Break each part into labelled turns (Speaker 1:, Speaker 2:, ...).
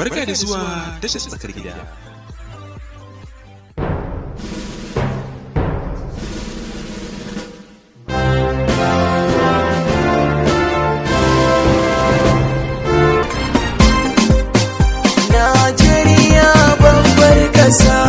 Speaker 1: Barka da zuwa tashar tsakar gida. Najeriya babbar ƙasa.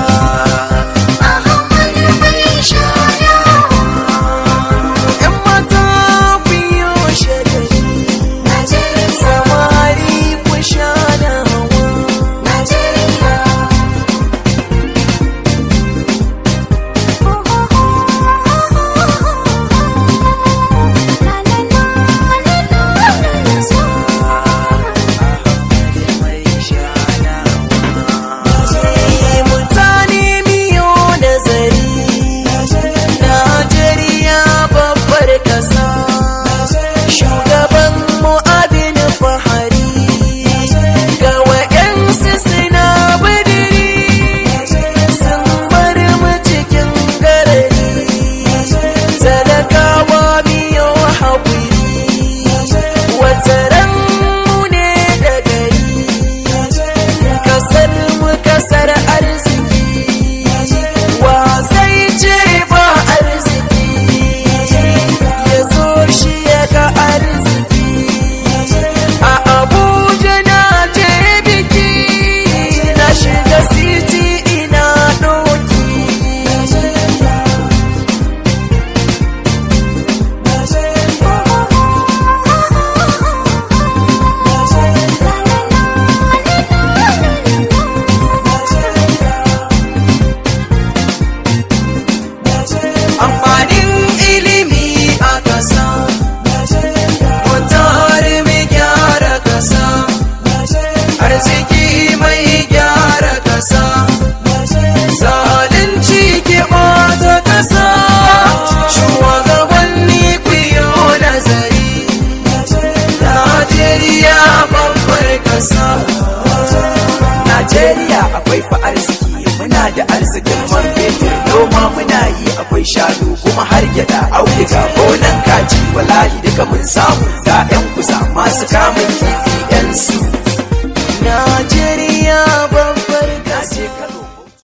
Speaker 1: words akwai fa arziki muna da arzikin man fetur noma muna yi akwai shanu kuma har gyada auduga gonan kaji